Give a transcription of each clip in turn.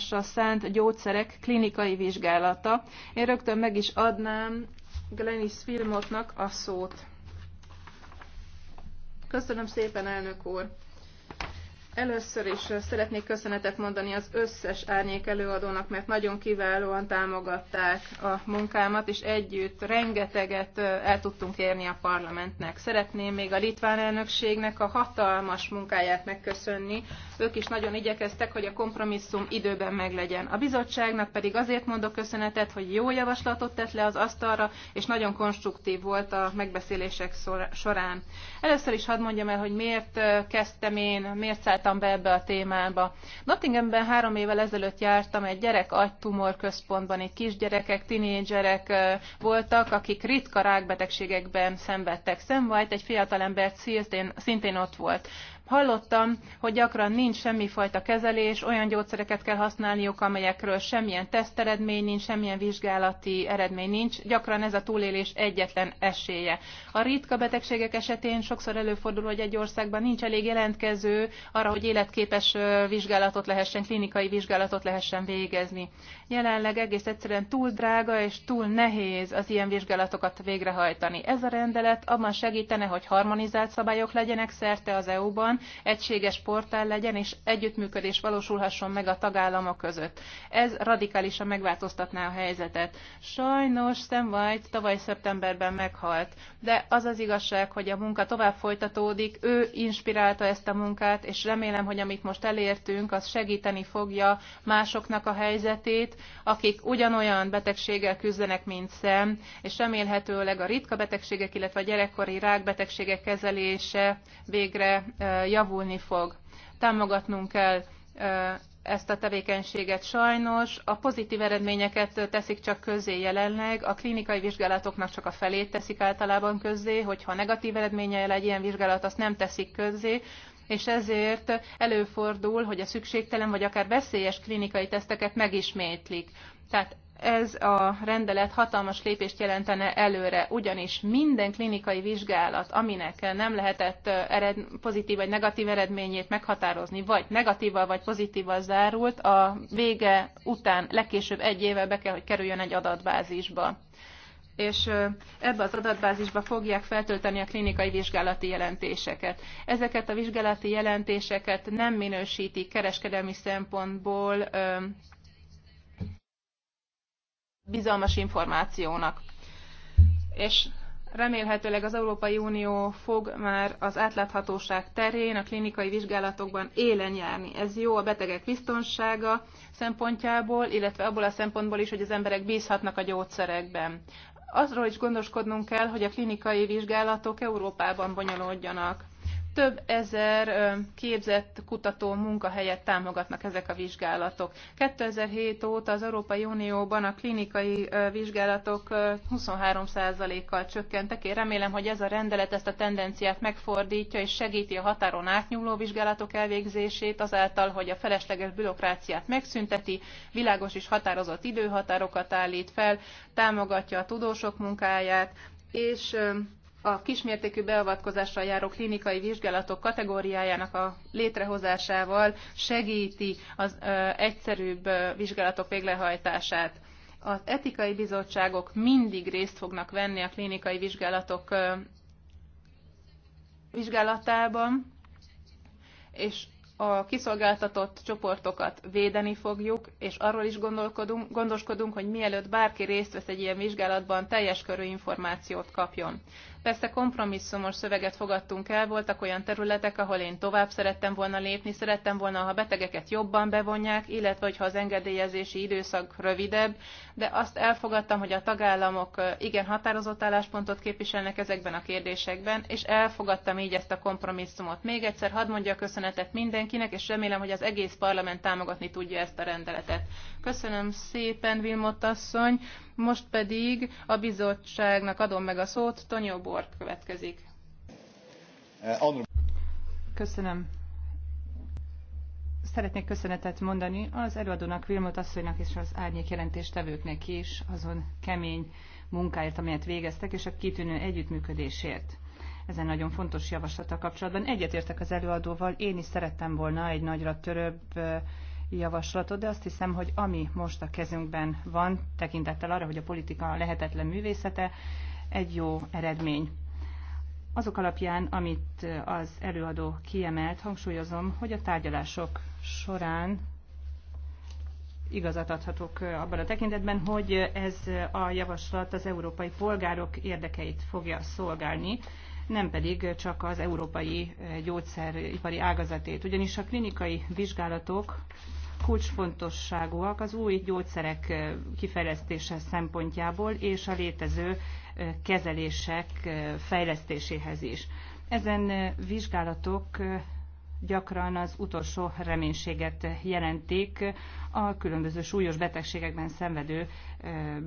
forgalmazásra szánt gyógyszerek klinikai vizsgálata. Én rögtön meg is adnám Glenis Filmotnak a szót. Köszönöm szépen, elnök úr! Először is szeretnék köszönetet mondani az összes árnyék előadónak, mert nagyon kiválóan támogatták a munkámat, és együtt rengeteget el tudtunk érni a parlamentnek. Szeretném még a litván elnökségnek a hatalmas munkáját megköszönni. Ők is nagyon igyekeztek, hogy a kompromisszum időben meglegyen. A bizottságnak pedig azért mondok köszönetet, hogy jó javaslatot tett le az asztalra, és nagyon konstruktív volt a megbeszélések során. Először is hadd mondjam el, hogy miért kezdtem én, miért szállt szálltam be ebbe a témába. Nottinghamben három évvel ezelőtt jártam egy gyerek agytumor központban, egy kisgyerekek, tinédzserek voltak, akik ritka rákbetegségekben szenvedtek. Sam egy fiatalembert szintén ott volt. Hallottam, hogy gyakran nincs semmifajta kezelés, olyan gyógyszereket kell használniuk, amelyekről semmilyen teszteredmény nincs, semmilyen vizsgálati eredmény nincs. Gyakran ez a túlélés egyetlen esélye. A ritka betegségek esetén sokszor előfordul, hogy egy országban nincs elég jelentkező arra, hogy életképes vizsgálatot lehessen, klinikai vizsgálatot lehessen végezni. Jelenleg egész egyszerűen túl drága és túl nehéz az ilyen vizsgálatokat végrehajtani. Ez a rendelet abban segítene, hogy harmonizált szabályok legyenek szerte az EU-ban, kapcsolatban egységes portál legyen, és együttműködés valósulhasson meg a tagállamok között. Ez radikálisan megváltoztatná a helyzetet. Sajnos Sam White tavaly szeptemberben meghalt, de az az igazság, hogy a munka tovább folytatódik, ő inspirálta ezt a munkát, és remélem, hogy amit most elértünk, az segíteni fogja másoknak a helyzetét, akik ugyanolyan betegséggel küzdenek, mint szem, és remélhetőleg a ritka betegségek, illetve a gyerekkori rákbetegségek kezelése végre javulni fog. Támogatnunk kell ezt a tevékenységet sajnos. A pozitív eredményeket teszik csak közzé jelenleg, a klinikai vizsgálatoknak csak a felét teszik általában közzé, hogyha negatív eredménye egy ilyen vizsgálat, azt nem teszik közzé, és ezért előfordul, hogy a szükségtelen vagy akár veszélyes klinikai teszteket megismétlik. Tehát ez a rendelet hatalmas lépést jelentene előre, ugyanis minden klinikai vizsgálat, aminek nem lehetett ered, pozitív vagy negatív eredményét meghatározni, vagy negatívval vagy pozitívval zárult, a vége után legkésőbb egy évvel be kell, hogy kerüljön egy adatbázisba és ebbe az adatbázisba fogják feltölteni a klinikai vizsgálati jelentéseket. Ezeket a vizsgálati jelentéseket nem minősítik kereskedelmi szempontból bizalmas információnak. És remélhetőleg az Európai Unió fog már az átláthatóság terén, a klinikai vizsgálatokban élen járni. Ez jó a betegek biztonsága szempontjából, illetve abból a szempontból is, hogy az emberek bízhatnak a gyógyszerekben. Azról is gondoskodnunk kell, hogy a klinikai vizsgálatok Európában bonyolódjanak több ezer képzett kutató munkahelyet támogatnak ezek a vizsgálatok. 2007 óta az Európai Unióban a klinikai vizsgálatok 23%-kal csökkentek. Én remélem, hogy ez a rendelet ezt a tendenciát megfordítja és segíti a határon átnyúló vizsgálatok elvégzését azáltal, hogy a felesleges bürokráciát megszünteti, világos és határozott időhatárokat állít fel, támogatja a tudósok munkáját, és a kismértékű beavatkozással járó klinikai vizsgálatok kategóriájának a létrehozásával segíti az egyszerűbb vizsgálatok végrehajtását. Az etikai bizottságok mindig részt fognak venni a klinikai vizsgálatok vizsgálatában, és a kiszolgáltatott csoportokat védeni fogjuk, és arról is gondolkodunk, gondoskodunk, hogy mielőtt bárki részt vesz egy ilyen vizsgálatban, teljes körű információt kapjon. Persze kompromisszumos szöveget fogadtunk el, voltak olyan területek, ahol én tovább szerettem volna lépni, szerettem volna, ha a betegeket jobban bevonják, illetve hogyha az engedélyezési időszak rövidebb, de azt elfogadtam, hogy a tagállamok igen határozott álláspontot képviselnek ezekben a kérdésekben, és elfogadtam így ezt a kompromisszumot. Még egyszer hadd mondja a köszönetet mindenkinek, és remélem, hogy az egész parlament támogatni tudja ezt a rendeletet. Köszönöm szépen, Vilmot asszony. Most pedig a bizottságnak adom meg a szót, Tonyó Bor következik. Eh, Köszönöm. Szeretnék köszönetet mondani az előadónak, Vilmot asszonynak és az árnyék jelentéstevőknek is azon kemény munkáért, amelyet végeztek, és a kitűnő együttműködésért ezen nagyon fontos javaslata kapcsolatban. Egyetértek az előadóval, én is szerettem volna egy nagyra törőbb eh, javaslatot, de azt hiszem, hogy ami most a kezünkben van, tekintettel arra, hogy a politika lehetetlen művészete, egy jó eredmény. Azok alapján, amit az előadó kiemelt, hangsúlyozom, hogy a tárgyalások során igazat adhatok abban a tekintetben, hogy ez a javaslat az európai polgárok érdekeit fogja szolgálni, nem pedig csak az európai gyógyszeripari ágazatét. Ugyanis a klinikai vizsgálatok kulcsfontosságúak az új gyógyszerek kifejlesztése szempontjából és a létező kezelések fejlesztéséhez is. Ezen vizsgálatok gyakran az utolsó reménységet jelentik a különböző súlyos betegségekben szenvedő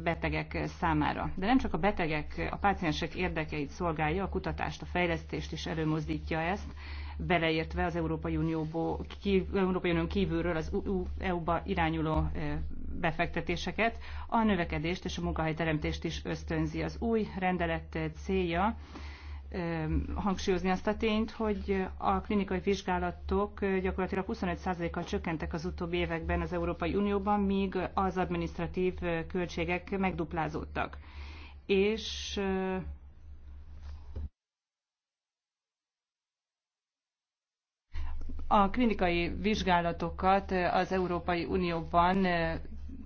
betegek számára. De nem csak a betegek, a páciensek érdekeit szolgálja, a kutatást, a fejlesztést is előmozdítja ezt, beleértve az Európai, Unióból, kív, Európai Unión kívülről az EU-ba irányuló befektetéseket, a növekedést és a munkahelyteremtést is ösztönzi. Az új rendelet célja hangsúlyozni azt a tényt, hogy a klinikai vizsgálatok gyakorlatilag 25%-kal csökkentek az utóbbi években az Európai Unióban, míg az administratív költségek megduplázódtak. És A klinikai vizsgálatokat az Európai Unióban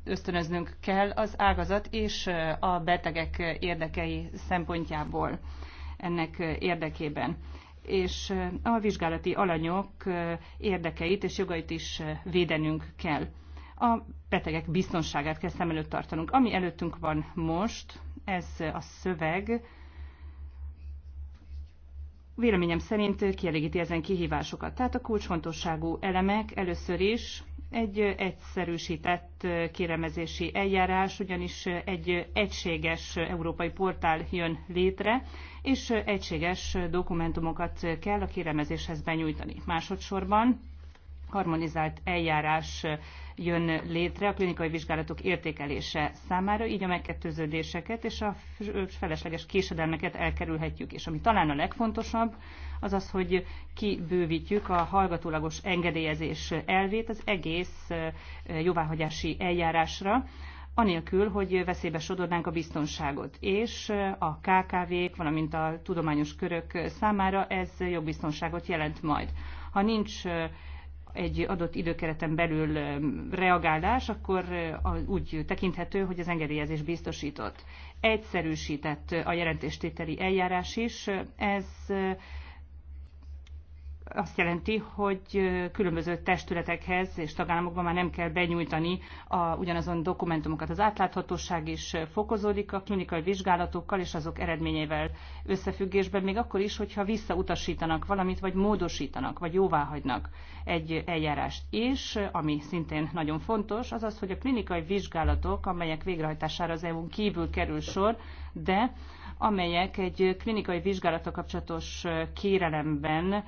ösztönöznünk kell az ágazat és a betegek érdekei szempontjából ennek érdekében és a vizsgálati alanyok érdekeit és jogait is védenünk kell. A betegek biztonságát kell szem előtt tartanunk. Ami előttünk van most, ez a szöveg, véleményem szerint kielégíti ezen kihívásokat. Tehát a kulcsfontosságú elemek először is egy egyszerűsített kérelmezési eljárás, ugyanis egy egységes európai portál jön létre, és egységes dokumentumokat kell a kérelmezéshez benyújtani. Másodszorban harmonizált eljárás jön létre a klinikai vizsgálatok értékelése számára, így a megkettőződéseket és a felesleges késedelmeket elkerülhetjük. És ami talán a legfontosabb, az az, hogy kibővítjük a hallgatólagos engedélyezés elvét az egész jóváhagyási eljárásra, anélkül, hogy veszélybe sodornánk a biztonságot. És a KKV-k, valamint a tudományos körök számára ez jogbiztonságot jelent majd. Ha nincs egy adott időkereten belül reagálás, akkor úgy tekinthető, hogy az engedélyezés biztosított. Egyszerűsített a jelentéstételi eljárás is. Ez azt jelenti, hogy különböző testületekhez és tagállamokban már nem kell benyújtani a, ugyanazon dokumentumokat. Az átláthatóság is fokozódik a klinikai vizsgálatokkal és azok eredményeivel összefüggésben, még akkor is, hogyha visszautasítanak valamit, vagy módosítanak, vagy jóváhagynak egy eljárást. És, ami szintén nagyon fontos, az az, hogy a klinikai vizsgálatok, amelyek végrehajtására az EU-n kívül kerül sor, de amelyek egy klinikai vizsgálata kapcsolatos kérelemben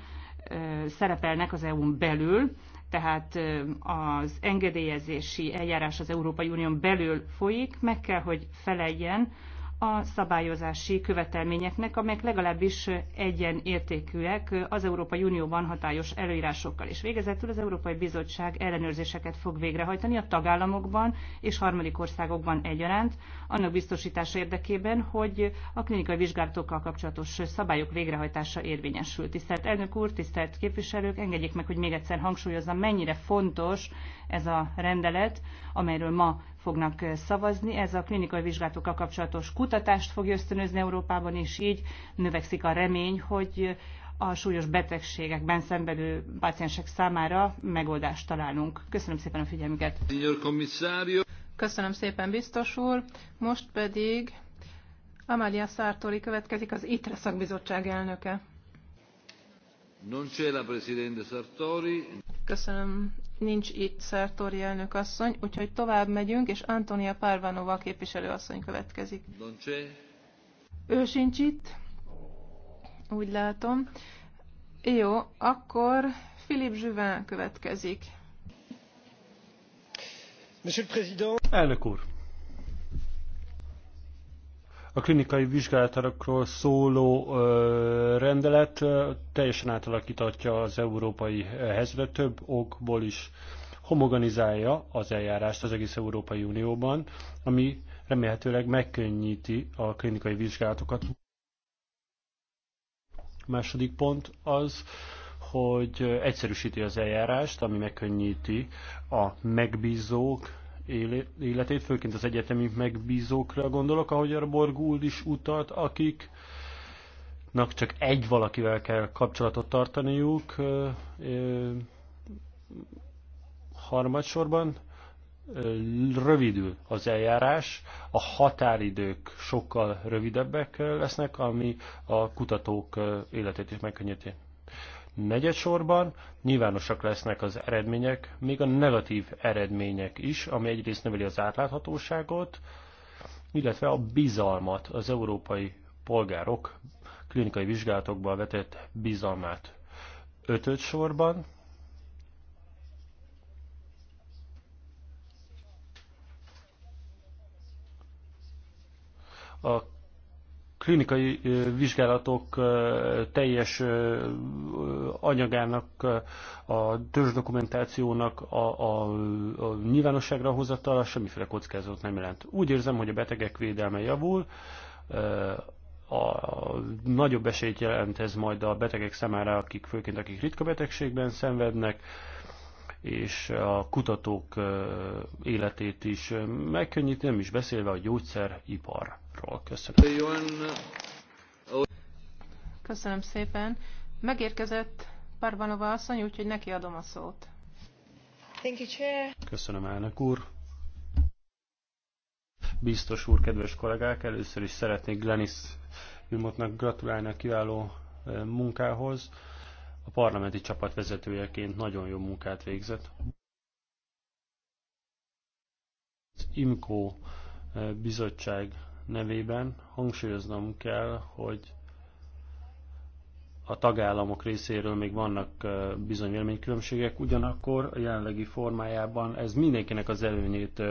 szerepelnek az EU-n belül, tehát az engedélyezési eljárás az Európai Unión belül folyik, meg kell, hogy feleljen a szabályozási követelményeknek, amelyek legalábbis egyenértékűek az Európai Unióban hatályos előírásokkal. És végezetül az Európai Bizottság ellenőrzéseket fog végrehajtani a tagállamokban és harmadik országokban egyaránt, annak biztosítása érdekében, hogy a klinikai vizsgálatokkal kapcsolatos szabályok végrehajtása érvényesül. Tisztelt elnök úr, tisztelt képviselők, engedjék meg, hogy még egyszer hangsúlyozzam, mennyire fontos ez a rendelet, amelyről ma fognak szavazni. Ez a klinikai vizsgálatokkal kapcsolatos kutatást fog ösztönözni Európában, és így növekszik a remény, hogy a súlyos betegségekben szenvedő páciensek számára megoldást találunk. Köszönöm szépen a figyelmüket. Köszönöm szépen, biztos úr. Most pedig Amália Sartori következik, az ITRE szakbizottság elnöke. Non c'è la Presidente Sartori. Köszönöm nincs itt Szertori elnök asszony, úgyhogy tovább megyünk, és Antonia Párvanova képviselő asszony következik. Ő sincs itt, úgy látom. Jó, akkor Philippe Juvin következik. Elnök úr! a klinikai vizsgálatokról szóló rendelet teljesen átalakítatja az európai helyzetet, több okból is homogenizálja az eljárást az egész Európai Unióban, ami remélhetőleg megkönnyíti a klinikai vizsgálatokat. A második pont az, hogy egyszerűsíti az eljárást, ami megkönnyíti a megbízók, életét, főként az egyetemi megbízókra gondolok, ahogy a Borgúld is utalt, akik csak egy valakivel kell kapcsolatot tartaniuk harmadsorban rövidül az eljárás, a határidők sokkal rövidebbek lesznek, ami a kutatók életét is megkönnyíti. Negyedsorban nyilvánosak lesznek az eredmények, még a negatív eredmények is, ami egyrészt növeli az átláthatóságot, illetve a bizalmat, az európai polgárok klinikai vizsgálatokban vetett bizalmát. Ötöd sorban a klinikai vizsgálatok teljes anyagának, a dokumentációnak a, a, a nyilvánosságra hozatala semmiféle kockázatot nem jelent. Úgy érzem, hogy a betegek védelme javul, a nagyobb esélyt jelent ez majd a betegek számára, akik főként akik ritka betegségben szenvednek, és a kutatók életét is megkönnyíti, nem is beszélve a gyógyszeriparról. Köszönöm. Köszönöm szépen. Megérkezett Parvanova asszony, úgyhogy neki adom a szót. Köszönöm, elnök úr. Biztos úr, kedves kollégák, először is szeretnék Glenis Wilmotnak gratulálni a kiváló munkához a parlamenti csapat vezetőjeként nagyon jó munkát végzett. Az IMCO eh, bizottság nevében hangsúlyoznom kell, hogy a tagállamok részéről még vannak bizony véleménykülönbségek, ugyanakkor a jelenlegi formájában ez mindenkinek az előnyét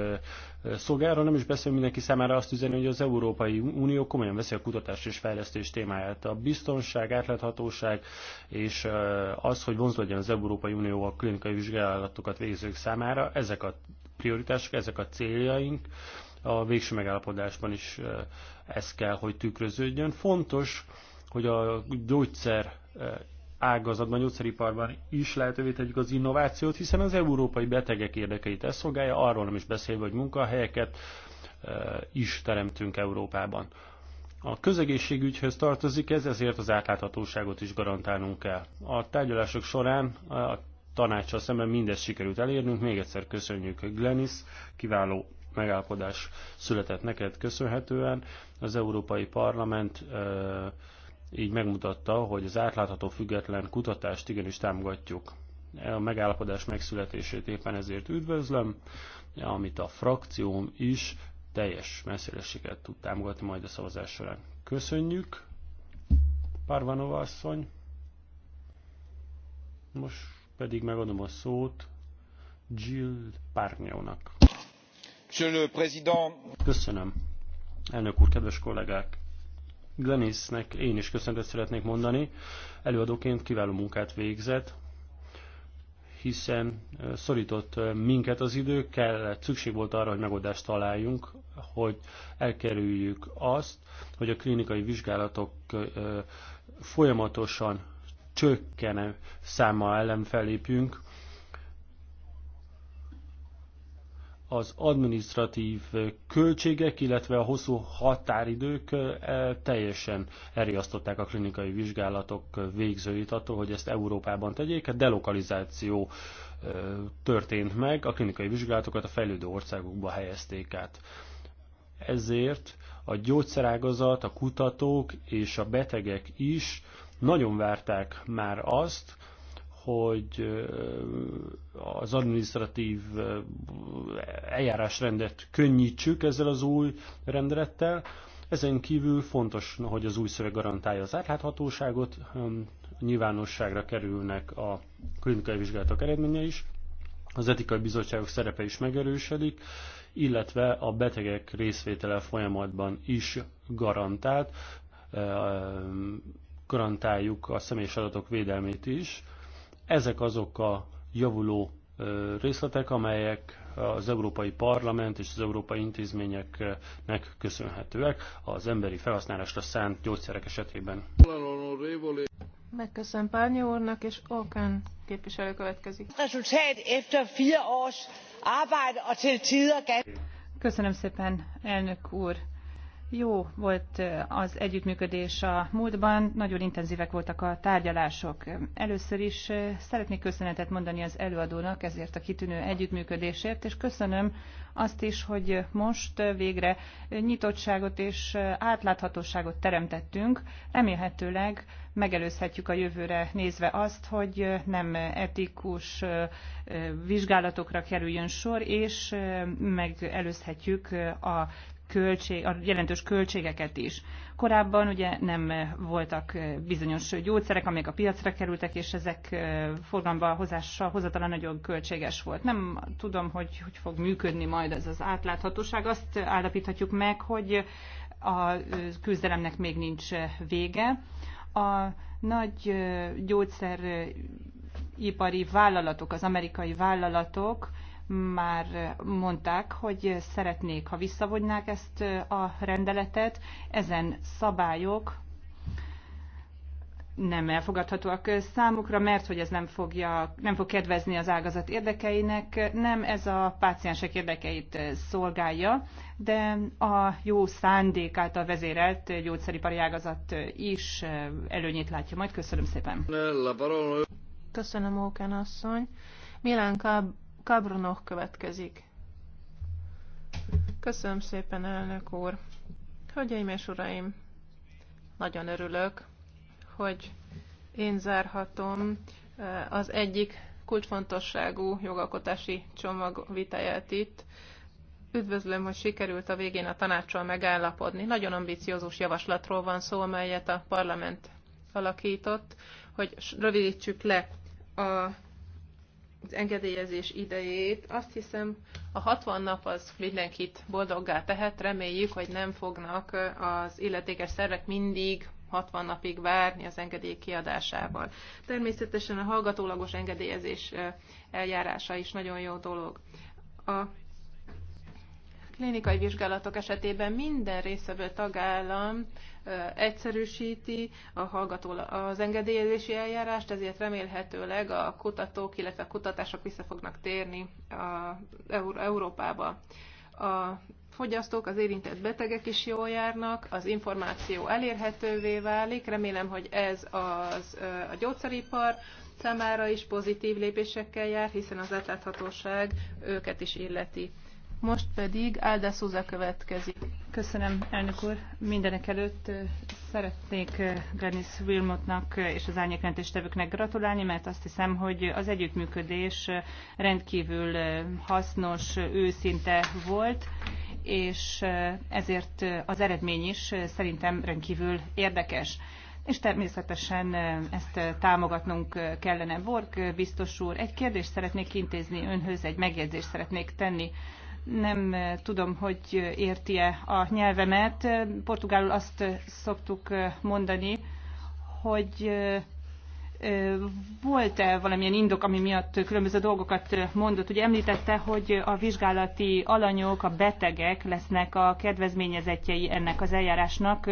szolgálra, nem is beszél mindenki számára azt üzeni, hogy az Európai Unió komolyan veszi a kutatás és fejlesztés témáját. A biztonság, átláthatóság és az, hogy vonzó legyen az Európai Unió a klinikai vizsgálatokat végzők számára, ezek a prioritások, ezek a céljaink, a végső megállapodásban is ez kell, hogy tükröződjön. Fontos, hogy a gyógyszer eh, ágazatban, a gyógyszeriparban is lehetővé tegyük az innovációt, hiszen az európai betegek érdekeit ez szolgálja, arról nem is beszélve, hogy munkahelyeket eh, is teremtünk Európában. A közegészségügyhöz tartozik ez, ezért az átláthatóságot is garantálnunk kell. A tárgyalások során eh, a tanácssal szemben mindezt sikerült elérnünk. Még egyszer köszönjük Glenis, kiváló megállapodás született neked köszönhetően. Az Európai Parlament így megmutatta, hogy az átlátható független kutatást igenis támogatjuk. E a megállapodás megszületését éppen ezért üdvözlöm, amit a frakcióm is teljes messzélességet tud támogatni majd a szavazás során. Köszönjük, Parvanova asszony. Most pedig megadom a szót Jill Párnyónak. Köszönöm. Elnök úr, kedves kollégák! Glenisnek én is köszöntet szeretnék mondani. Előadóként kiváló munkát végzett, hiszen szorított minket az idő, kellett, szükség volt arra, hogy megoldást találjunk, hogy elkerüljük azt, hogy a klinikai vizsgálatok folyamatosan csökkenő száma ellen felépjünk, az administratív költségek, illetve a hosszú határidők e, teljesen elriasztották a klinikai vizsgálatok végzőit attól, hogy ezt Európában tegyék. A delokalizáció történt meg, a klinikai vizsgálatokat a fejlődő országokba helyezték át. Ezért a gyógyszerágazat, a kutatók és a betegek is nagyon várták már azt, hogy az administratív eljárásrendet könnyítsük ezzel az új rendelettel. Ezen kívül fontos, hogy az új szöveg garantálja az átláthatóságot, nyilvánosságra kerülnek a klinikai vizsgálatok eredménye is, az etikai bizottságok szerepe is megerősödik, illetve a betegek részvétele folyamatban is garantált, garantáljuk a személyes adatok védelmét is. Ezek azok a javuló részletek, amelyek az Európai Parlament és az európai intézményeknek köszönhetőek az emberi felhasználásra szánt gyógyszerek esetében. Megköszönöm Párnyi úrnak, és Okán képviselő következik. Köszönöm szépen, elnök úr. Jó volt az együttműködés a múltban, nagyon intenzívek voltak a tárgyalások. Először is szeretnék köszönetet mondani az előadónak ezért a kitűnő együttműködésért, és köszönöm azt is, hogy most végre nyitottságot és átláthatóságot teremtettünk. Remélhetőleg megelőzhetjük a jövőre nézve azt, hogy nem etikus vizsgálatokra kerüljön sor, és megelőzhetjük a költség, a jelentős költségeket is. Korábban ugye nem voltak bizonyos gyógyszerek, amelyek a piacra kerültek, és ezek forgalomba hozása hozatala nagyon költséges volt. Nem tudom, hogy hogy fog működni majd ez az átláthatóság. Azt állapíthatjuk meg, hogy a küzdelemnek még nincs vége. A nagy gyógyszeripari vállalatok, az amerikai vállalatok már mondták, hogy szeretnék, ha visszavonnák ezt a rendeletet. Ezen szabályok nem elfogadhatóak számukra, mert hogy ez nem, fogja, nem fog kedvezni az ágazat érdekeinek, nem ez a páciensek érdekeit szolgálja, de a jó szándék által vezérelt gyógyszeripari ágazat is előnyét látja majd. Köszönöm szépen. Köszönöm, Óken asszony. Milánka Kabrunok következik. Köszönöm szépen, elnök úr. Hölgyeim és uraim, nagyon örülök, hogy én zárhatom eh, az egyik kulcsfontosságú jogalkotási csomag vitáját itt. Üdvözlöm, hogy sikerült a végén a tanácssal megállapodni. Nagyon ambiciózus javaslatról van szó, amelyet a parlament alakított, hogy rövidítsük le a az engedélyezés idejét. Azt hiszem, a 60 nap az mindenkit boldoggá tehet. Reméljük, hogy nem fognak az illetékes szervek mindig 60 napig várni az engedély kiadásával. Természetesen a hallgatólagos engedélyezés eljárása is nagyon jó dolog. A klinikai vizsgálatok esetében minden részevő tagállam egyszerűsíti a hallgató az engedélyezési eljárást, ezért remélhetőleg a kutatók, illetve a kutatások vissza fognak térni a Európába. A fogyasztók, az érintett betegek is jól járnak, az információ elérhetővé válik. Remélem, hogy ez az, a gyógyszeripar számára is pozitív lépésekkel jár, hiszen az átláthatóság őket is illeti. Most pedig Alda Szóza következik. Köszönöm, elnök úr. Mindenek előtt szeretnék Glenis Wilmotnak és az árnyékrendéstevőknek gratulálni, mert azt hiszem, hogy az együttműködés rendkívül hasznos, őszinte volt, és ezért az eredmény is szerintem rendkívül érdekes és természetesen ezt támogatnunk kellene. Borg biztos úr, egy kérdést szeretnék intézni önhöz, egy megjegyzést szeretnék tenni nem eh, tudom, hogy érti-e a nyelvemet. Portugálul azt eh, szoktuk eh, mondani, hogy volt-e valamilyen indok, ami miatt különböző dolgokat mondott? Ugye említette, hogy a vizsgálati alanyok, a betegek lesznek a kedvezményezetjei ennek az eljárásnak,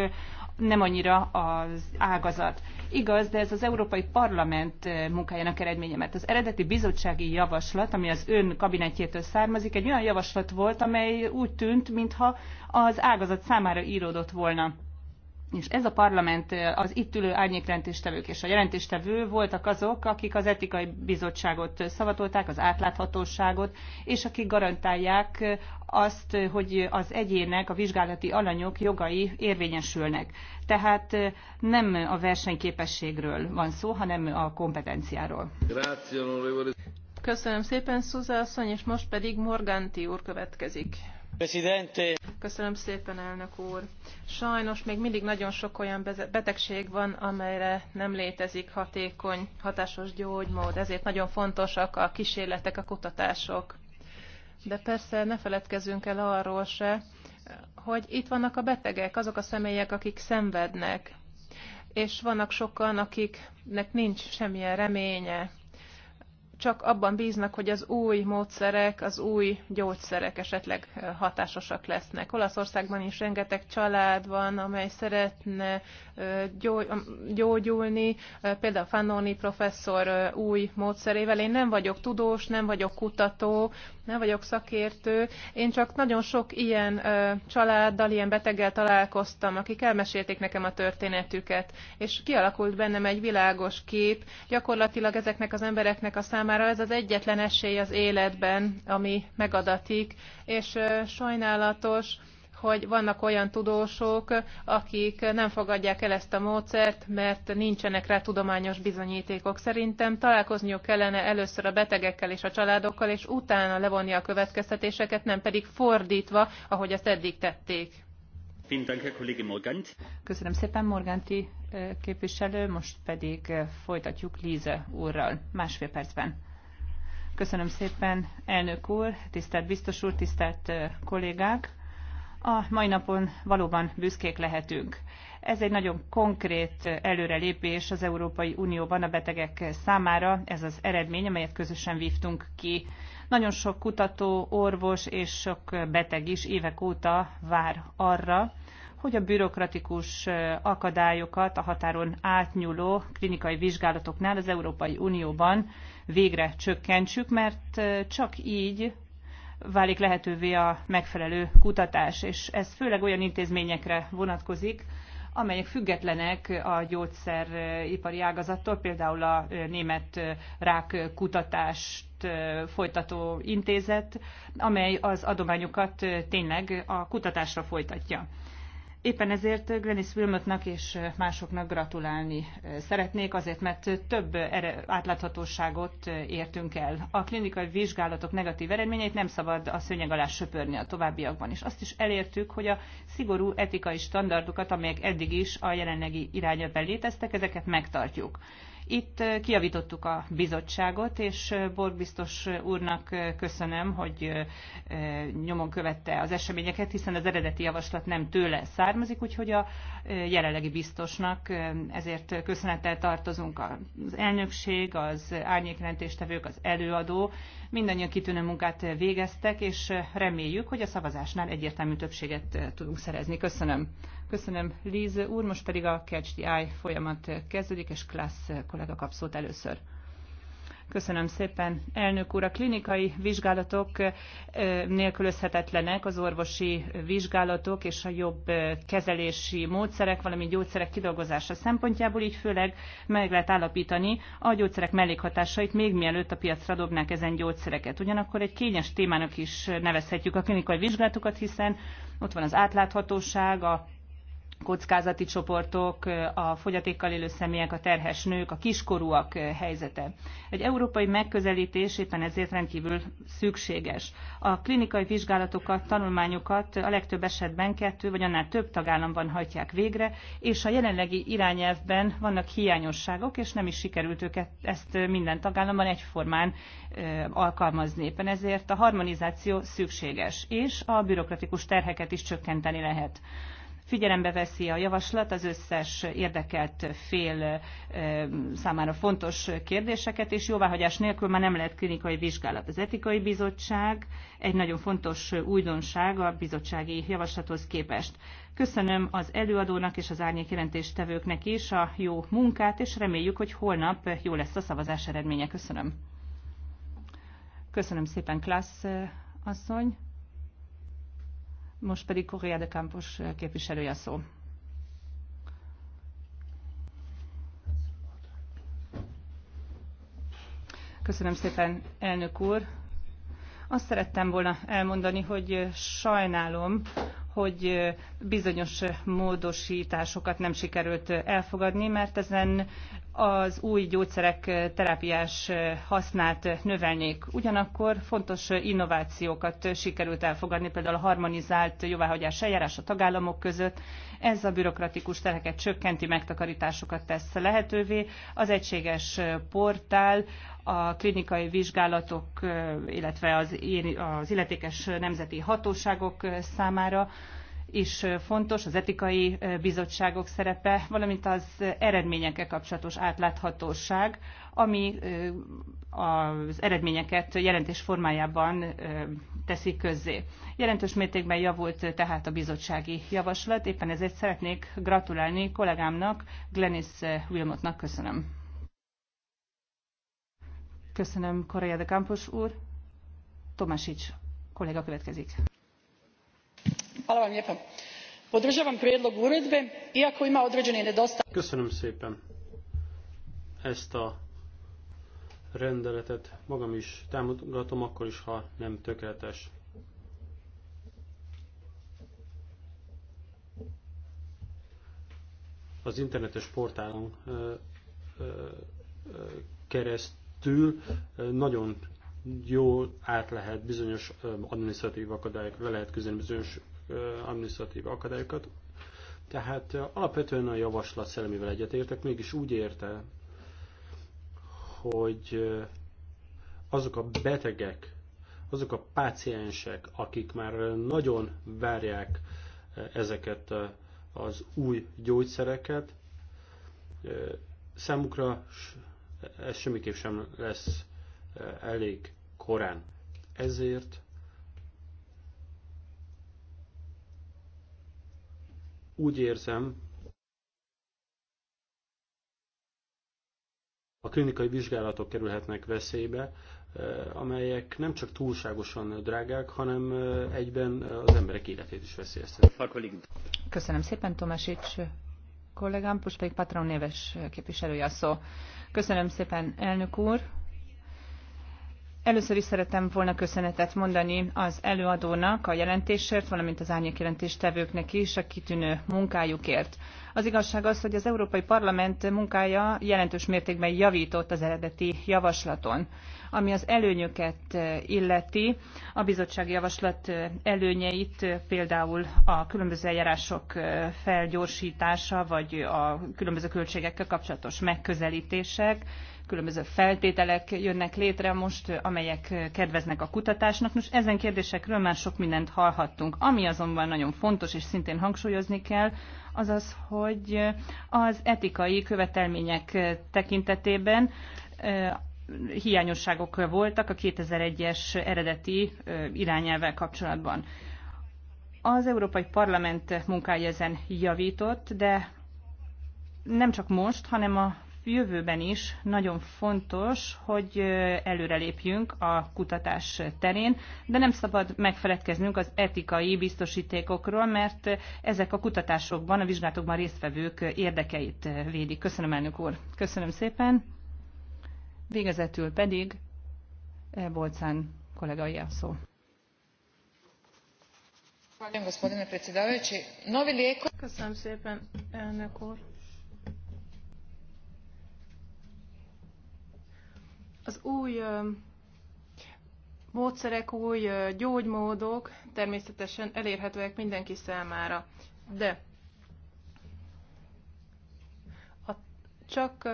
nem annyira az ágazat. Igaz, de ez az Európai Parlament eh, munkájának eredménye, mert az eredeti bizottsági javaslat, ami az ön kabinetjétől származik, egy olyan javaslat volt, amely úgy tűnt, mintha az ágazat számára íródott volna és ez a parlament, az itt ülő árnyékrendéstevők és a jelentéstevő voltak azok, akik az etikai bizottságot szavatolták, az átláthatóságot, és akik garantálják azt, hogy az egyének, a vizsgálati alanyok jogai érvényesülnek. Tehát nem a versenyképességről van szó, hanem a kompetenciáról. Köszönöm szépen, Szuza asszony, és most pedig Morganti úr következik. Köszönöm szépen, elnök úr. Sajnos még mindig nagyon sok olyan betegség van, amelyre nem létezik hatékony, hatásos gyógymód, ezért nagyon fontosak a kísérletek, a kutatások. De persze ne feledkezzünk el arról se, hogy itt vannak a betegek, azok a személyek, akik szenvednek, és vannak sokan, akiknek nincs semmilyen reménye, csak abban bíznak, hogy az új módszerek, az új gyógyszerek esetleg eh, hatásosak lesznek. Olaszországban is rengeteg család van, amely szeretne gyógyulni, például Fanoni professzor új módszerével. Én nem vagyok tudós, nem vagyok kutató, nem vagyok szakértő, én csak nagyon sok ilyen családdal, ilyen beteggel találkoztam, akik elmesélték nekem a történetüket, és kialakult bennem egy világos kép, gyakorlatilag ezeknek az embereknek a számára ez az egyetlen esély az életben, ami megadatik, és sajnálatos, hogy vannak olyan tudósok, akik nem fogadják el ezt a módszert, mert nincsenek rá tudományos bizonyítékok. Szerintem találkozniuk kellene először a betegekkel és a családokkal, és utána levonni a következtetéseket, nem pedig fordítva, ahogy ezt eddig tették. Köszönöm szépen, Morganti eh, képviselő, most pedig eh, folytatjuk Líze úrral másfél percben. Köszönöm szépen, elnök úr, tisztelt biztos úr, tisztelt eh, kollégák! a mai napon valóban büszkék lehetünk. Ez egy nagyon konkrét előrelépés az Európai Unióban a betegek számára, ez az eredmény, amelyet közösen vívtunk ki. Nagyon sok kutató, orvos és sok beteg is évek óta vár arra, hogy a bürokratikus akadályokat a határon átnyúló klinikai vizsgálatoknál az Európai Unióban végre csökkentsük, mert csak így válik lehetővé a megfelelő kutatás, és ez főleg olyan intézményekre vonatkozik, amelyek függetlenek a gyógyszeripari ágazattól, például a német rák kutatást folytató intézet, amely az adományokat tényleg a kutatásra folytatja. Éppen ezért Glenis Wilmotnak és másoknak gratulálni szeretnék, azért mert több átláthatóságot értünk el. A klinikai vizsgálatok negatív eredményeit nem szabad a szőnyeg alá söpörni a továbbiakban is. Azt is elértük, hogy a szigorú etikai standardokat, amelyek eddig is a jelenlegi irányelvben léteztek, ezeket megtartjuk. Itt kiavítottuk a bizottságot, és Borg biztos úrnak köszönöm, hogy nyomon követte az eseményeket, hiszen az eredeti javaslat nem tőle származik, úgyhogy a jelenlegi biztosnak ezért köszönettel tartozunk az elnökség, az árnyékrendtéstevők, az előadó, mindannyian kitűnő munkát végeztek, és reméljük, hogy a szavazásnál egyértelmű többséget tudunk szerezni. Köszönöm. Köszönöm, Liz úr, most pedig a Catch the Eye folyamat kezdődik, és Klassz kollega kap szót először. Köszönöm szépen, elnök úr. A klinikai vizsgálatok nélkülözhetetlenek, az orvosi vizsgálatok és a jobb kezelési módszerek, valamint gyógyszerek kidolgozása szempontjából, így főleg meg lehet állapítani a gyógyszerek mellékhatásait, még mielőtt a piacra dobnák ezen gyógyszereket. Ugyanakkor egy kényes témának is nevezhetjük a klinikai vizsgálatokat, hiszen ott van az átláthatóság, a kockázati csoportok, a fogyatékkal élő személyek, a terhes nők, a kiskorúak helyzete. Egy európai megközelítés éppen ezért rendkívül szükséges. A klinikai vizsgálatokat, tanulmányokat a legtöbb esetben kettő vagy annál több tagállamban hajtják végre, és a jelenlegi irányelvben vannak hiányosságok, és nem is sikerült őket ezt minden tagállamban egyformán alkalmazni. Éppen ezért a harmonizáció szükséges, és a bürokratikus terheket is csökkenteni lehet. Figyelembe veszi a javaslat az összes érdekelt fél számára fontos kérdéseket, és jóváhagyás nélkül már nem lehet klinikai vizsgálat. Az etikai bizottság egy nagyon fontos újdonság a bizottsági javaslathoz képest. Köszönöm az előadónak és az árnyék jelentéstevőknek is a jó munkát, és reméljük, hogy holnap jó lesz a szavazás eredménye. Köszönöm. Köszönöm szépen, Klassz asszony. Most pedig Correa de Campos képviselője szó. Köszönöm szépen, elnök úr. Azt szerettem volna elmondani, hogy sajnálom, hogy bizonyos módosításokat nem sikerült elfogadni, mert ezen az új gyógyszerek terápiás hasznát növelnék. Ugyanakkor fontos innovációkat sikerült elfogadni, például a harmonizált jóváhagyás eljárás a tagállamok között. Ez a bürokratikus terheket csökkenti, megtakarításokat tesz lehetővé. Az egységes portál a klinikai vizsgálatok, illetve az, az illetékes nemzeti hatóságok számára is fontos, az etikai bizottságok szerepe, valamint az eredményekkel kapcsolatos átláthatóság, ami az eredményeket jelentés formájában teszi közzé. Jelentős mértékben javult tehát a bizottsági javaslat, éppen ezért szeretnék gratulálni kollégámnak, Glenis Wilmotnak. Köszönöm. Köszönöm, Korea de Campos úr. Tomásics kolléga következik gospodine predsjedniče podržavam prijedlog uredbe iako ima određenih nedostataka. köszönöm szépen ezt a rendeletet magam is akkor is ha nem tökéletes. az internetes portálon keresztül nagyon jól át lehet bizonyos administratív akadályok le lehet küzdeni bizonyos administratív akadályokat. Tehát alapvetően a javaslat szellemével egyetértek, mégis úgy érte, hogy azok a betegek, azok a páciensek, akik már nagyon várják ezeket az új gyógyszereket, számukra ez semmiképp sem lesz elég korán. Ezért Úgy érzem, a klinikai vizsgálatok kerülhetnek veszélybe, eh, amelyek nem csak túlságosan drágák, hanem eh, egyben eh, az emberek életét is veszélyeztetik. Köszönöm szépen, Tomásics kollégám, most Patron néves képviselője a szó. Köszönöm szépen, elnök úr! Először is szeretem volna köszönetet mondani az előadónak a jelentésért, valamint az árnyék jelentéstevőknek is a kitűnő munkájukért. Az igazság az, hogy az Európai Parlament munkája jelentős mértékben javított az eredeti javaslaton. Ami az előnyöket eh, illeti, a bizottsági javaslat eh, előnyeit, eh, például a különböző eljárások felgyorsítása, vagy a különböző költségekkel kapcsolatos megközelítések, különböző feltételek jönnek létre most, amelyek kedveznek a kutatásnak. Nos, ezen kérdésekről már sok mindent hallhattunk. Ami azonban nagyon fontos, és szintén hangsúlyozni kell, az az, hogy az etikai követelmények tekintetében hiányosságok voltak a 2001-es eredeti irányelvel kapcsolatban. Az Európai Parlament munkája ezen javított, de nem csak most, hanem a jövőben is nagyon fontos, hogy előrelépjünk a kutatás terén, de nem szabad megfeledkeznünk az etikai biztosítékokról, mert ezek a kutatásokban, a vizsgálatokban résztvevők érdekeit védik. Köszönöm, elnök úr. Köszönöm szépen. Végezetül pedig Bolcán kollégai a szó. Köszönöm szépen, elnök úr Az új módszerek, új gyógymódok természetesen elérhetőek mindenki számára, de a, csak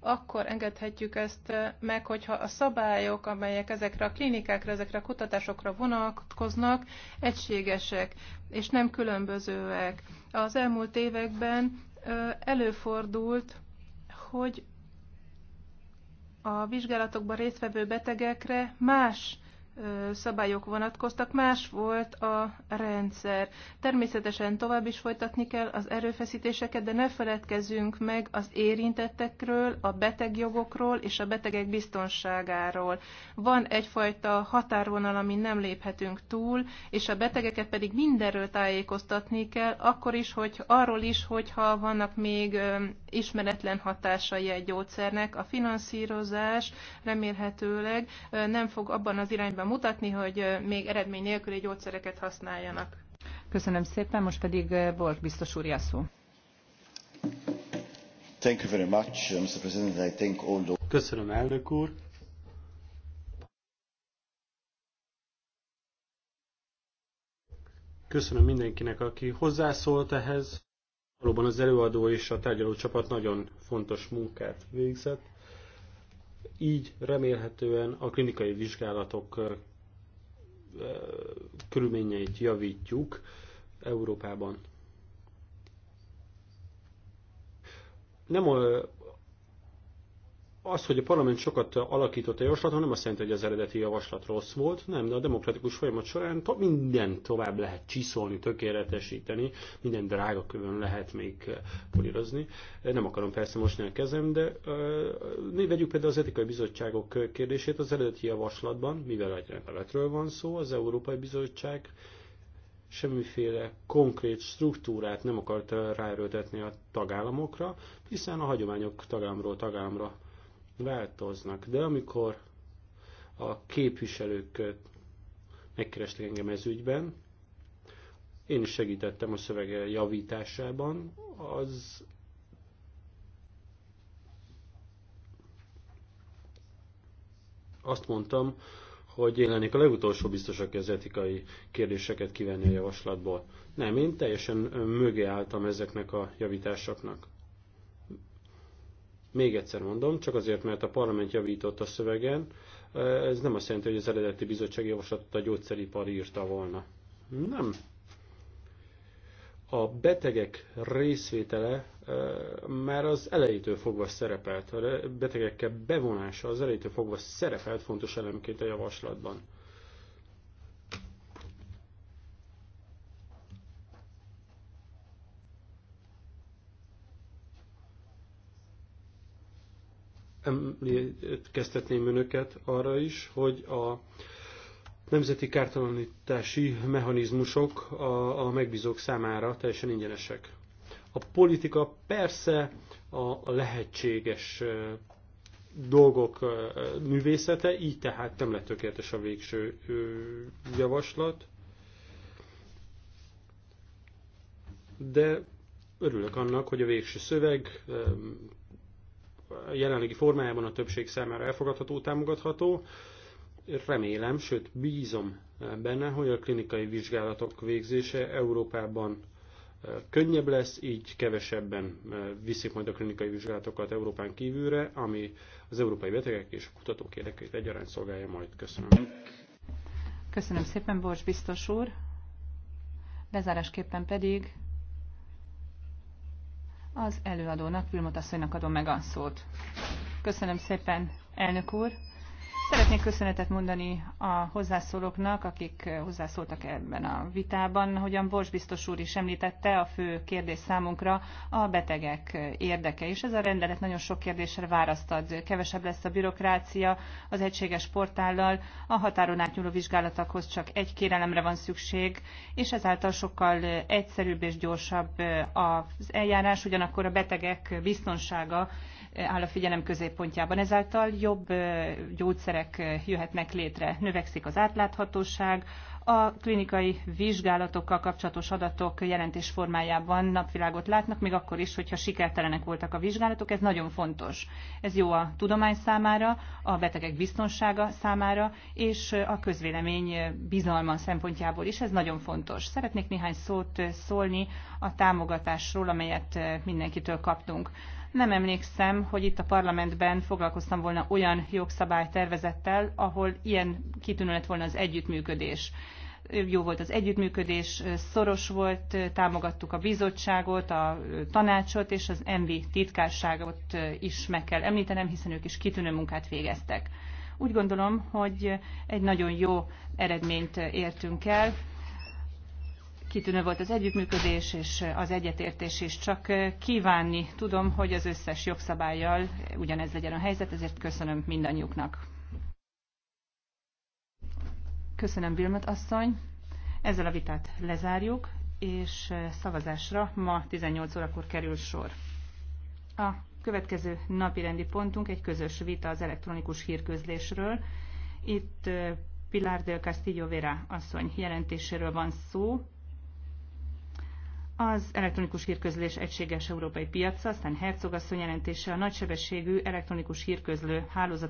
akkor engedhetjük ezt meg, hogyha a szabályok, amelyek ezekre a klinikákra, ezekre a kutatásokra vonatkoznak, egységesek és nem különbözőek. Az elmúlt években előfordult, hogy a vizsgálatokban résztvevő betegekre más szabályok vonatkoztak, más volt a rendszer. Természetesen tovább is folytatni kell az erőfeszítéseket, de ne feledkezzünk meg az érintettekről, a betegjogokról és a betegek biztonságáról. Van egyfajta határvonal, amin nem léphetünk túl, és a betegeket pedig mindenről tájékoztatni kell, akkor is, hogy arról is, hogyha vannak még ismeretlen hatásai egy gyógyszernek. A finanszírozás remélhetőleg nem fog abban az irányban mutatni, hogy még eredmény nélküli gyógyszereket használjanak. Köszönöm szépen, most pedig Borg biztos úr szó. Thank you very much, uh, Mr. President. I think all the... Köszönöm, elnök úr. Köszönöm mindenkinek, aki hozzászólt ehhez. Valóban az előadó és a tárgyaló csapat nagyon fontos munkát végzett. Így remélhetően a klinikai vizsgálatok körülményeit javítjuk Európában. Nem az, hogy a parlament sokat alakított a javaslaton, nem azt jelenti, hogy az eredeti javaslat rossz volt, nem, de a demokratikus folyamat során to- minden tovább lehet csiszolni, tökéletesíteni, minden drága kövön lehet még eh, polírozni. Eh, nem akarom persze mostni a kezem, de uh, vegyük például az etikai bizottságok kérdését az eredeti javaslatban, mivel egy rendeletről van szó, az Európai Bizottság semmiféle konkrét struktúrát nem akart ráerőltetni a tagállamokra, hiszen a hagyományok tagállamról tagállamra változnak. De amikor a képviselők megkerestek engem ez ügyben, én is segítettem a szövege javításában, az azt mondtam, hogy én lennék a legutolsó biztos, aki az etikai kérdéseket kivenni a javaslatból. Nem, én teljesen mögé álltam ezeknek a javításoknak. Még egyszer mondom, csak azért, mert a parlament javított a szövegen, ez nem azt jelenti, hogy az eredeti bizottság javaslatot a gyógyszeripar írta volna. Nem. A betegek részvétele már az elejétől fogva szerepelt, a betegekkel bevonása az elejétől fogva szerepelt fontos elemként a javaslatban. emlékeztetném önöket arra is, hogy a nemzeti kártalanítási mechanizmusok a, a megbízók számára teljesen ingyenesek. A politika persze a lehetséges dolgok művészete, így tehát nem lett tökéletes a végső javaslat. De örülök annak, hogy a végső szöveg jelenlegi formájában a többség számára elfogadható, támogatható. Remélem, sőt bízom benne, hogy a klinikai vizsgálatok végzése Európában eh, könnyebb lesz, így kevesebben eh, viszik majd a klinikai vizsgálatokat Európán kívülre, ami az európai betegek és a kutatók érdekeit egyaránt szolgálja majd. Köszönöm. Köszönöm szépen, Bors biztos úr. Lezárásképpen pedig az előadónak, Vilmot asszonynak adom meg a szót. Köszönöm szépen, elnök úr! Szeretnék köszönetet mondani a hozzászólóknak, akik hozzászóltak ebben a vitában. Hogyan Bors biztos úr is említette, a fő kérdés számunkra a betegek érdeke, és ez a rendelet nagyon sok kérdésre választ ad. Kevesebb lesz a bürokrácia az egységes portállal, a határon átnyúló vizsgálatokhoz csak egy kérelemre van szükség, és ezáltal sokkal egyszerűbb és gyorsabb az eljárás, ugyanakkor a betegek biztonsága áll a figyelem középpontjában. Ezáltal jobb gyógyszerek jöhetnek létre. Növekszik az átláthatóság, a klinikai vizsgálatokkal kapcsolatos adatok jelentés formájában napvilágot látnak, még akkor is, hogyha sikertelenek voltak a vizsgálatok, ez nagyon fontos. Ez jó a tudomány számára, a betegek biztonsága számára, és a közvélemény bizalma szempontjából is, ez nagyon fontos. Szeretnék néhány szót szólni a támogatásról, amelyet mindenkitől kaptunk. Nem emlékszem, hogy itt a parlamentben foglalkoztam volna olyan jogszabálytervezettel, ahol ilyen kitűnő lett volna az együttműködés jó volt az együttműködés, szoros volt, támogattuk a bizottságot, a tanácsot és az MV titkárságot is meg kell említenem, hiszen ők is kitűnő munkát végeztek. Úgy gondolom, hogy egy nagyon jó eredményt értünk el. Kitűnő volt az együttműködés és az egyetértés is, csak kívánni tudom, hogy az összes jogszabályjal ugyanez legyen a helyzet, ezért köszönöm mindannyiuknak. Köszönöm, Vilmot asszony. Ezzel a vitát lezárjuk, és eh, szavazásra ma 18 órakor kerül sor. A következő napi rendi pontunk egy közös vita az elektronikus hírközlésről. Itt eh, Pilar del Castillo Vera asszony jelentéséről van szó. Az elektronikus hírközlés egységes európai piaca, aztán Herzog asszony jelentése a nagysebességű elektronikus hírközlő hálózat.